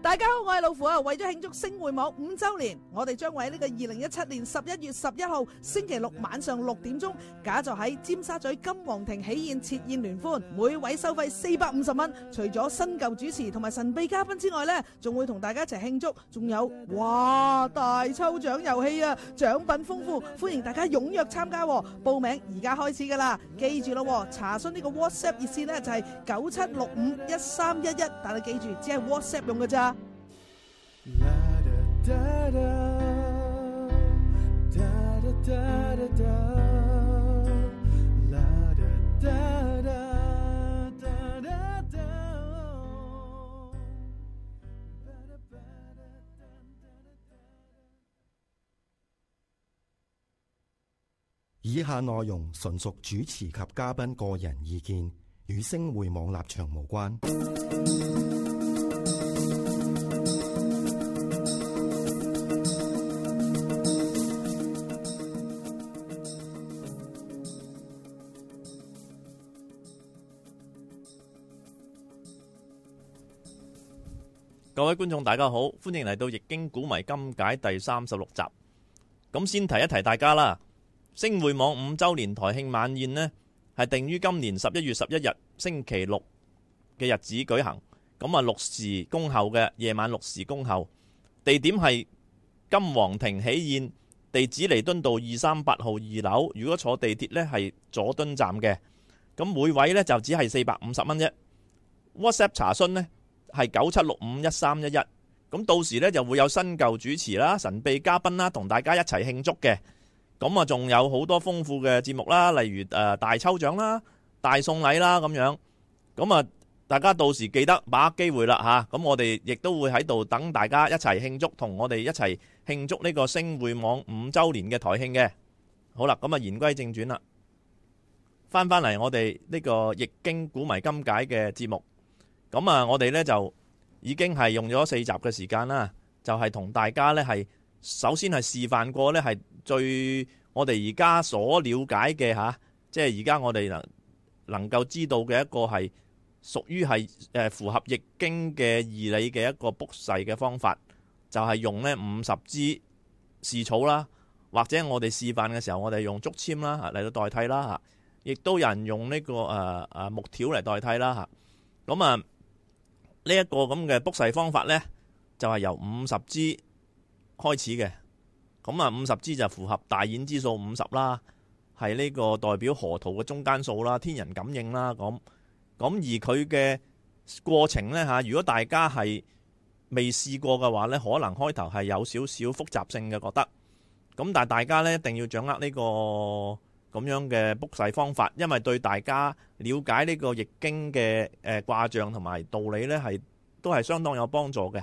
大家好，我係老虎啊！為咗慶祝星匯網五周年，我哋將會喺呢個二零一七年十一月十一號星期六晚上六點鐘，假就喺尖沙咀金皇庭喜宴設宴聯歡，每位收費四百五十蚊。除咗新舊主持同埋神秘嘉賓之外，呢仲會同大家一齊慶祝，仲有哇大抽獎遊戲啊，獎品豐富，歡迎大家踊躍參加。報名而家開始噶啦，記住咯，查詢呢個 WhatsApp 熱線呢就係九七六五一三一一，但係記住只係 WhatsApp 用噶咋。以下內容純屬主持及嘉賓個人意見，與星會網立場無關。各位觀眾大家好，歡迎嚟到《易經古謎今解》第三十六集。咁先提一提大家啦，星匯網五周年台慶晚宴呢，係定於今年十一月十一日星期六嘅日子舉行。咁啊六時恭候嘅夜晚六時恭候，地點係金皇庭喜宴，地址彌敦道二三八號二樓。如果坐地鐵呢，係佐敦站嘅。咁每位呢就只係四百五十蚊啫。WhatsApp 查詢呢，係九七六五一三一一，咁到時呢就會有新舊主持啦、神秘嘉賓啦，同大家一齊慶祝嘅。咁啊，仲有好多豐富嘅節目啦，例如誒大抽獎啦、大送禮啦咁樣。咁啊，大家到時記得把握機會啦嚇。咁我哋亦都會喺度等大家一齊慶祝，同我哋一齊慶祝呢個星匯網五週年嘅台慶嘅。好啦，咁啊言歸正傳啦，翻返嚟我哋呢個易經古謎今解嘅節目。咁啊，我哋咧就已經係用咗四集嘅時間啦，就係同大家咧係首先係示範過咧係最我哋而家所了解嘅吓，即係而家我哋能能夠知道嘅一個係屬於係符合易經嘅義理嘅一個卜筮嘅方法，就係用呢五十支蓍草啦，或者我哋示範嘅時候，我哋用竹籤啦嚟到代替啦，亦都有人用呢個木條嚟代替啦嚇，咁啊～呢、這、一個咁嘅卜筮方法呢，就係由五十支開始嘅。咁啊，五十支就符合大衍之數五十啦，係呢個代表河圖嘅中間數啦，天人感應啦。咁咁而佢嘅過程呢，嚇，如果大家係未試過嘅話呢，可能開頭係有少少複雜性嘅，覺得咁。但係大家呢，一定要掌握呢、這個。咁樣嘅卜筮方法，因為對大家了解呢個易經嘅卦象同埋道理呢，係都係相當有幫助嘅。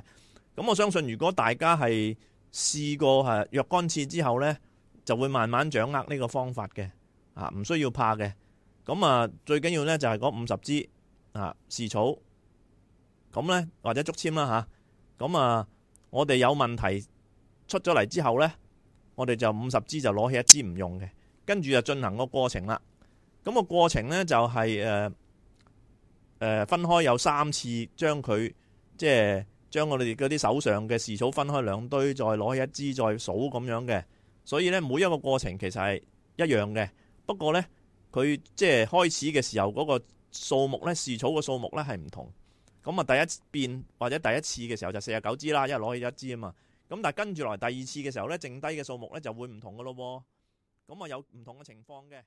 咁我相信，如果大家係試過係若干次之後呢，就會慢慢掌握呢個方法嘅。啊，唔需要怕嘅。咁啊，最緊要呢就係嗰五十支啊，蓍草咁呢，或者竹籤啦吓咁啊，我哋有問題出咗嚟之後呢，我哋就五十支就攞起一支唔用嘅。跟住就進行個過程啦。咁個過程呢，就係，就係誒分開有三次，將佢即係將我哋嗰啲手上嘅蓍草分開兩堆，再攞起一支，再數咁樣嘅。所以呢，每一個過程其實係一樣嘅，不過呢，佢即係開始嘅時候嗰個數目呢，蓍草嘅數目呢係唔同。咁啊第一遍或者第一次嘅時候就四十九支啦，因為攞起一支啊嘛。咁但係跟住來第二次嘅時候呢，剩低嘅數目呢就會唔同㗎咯喎。咁啊有唔同嘅情況嘅。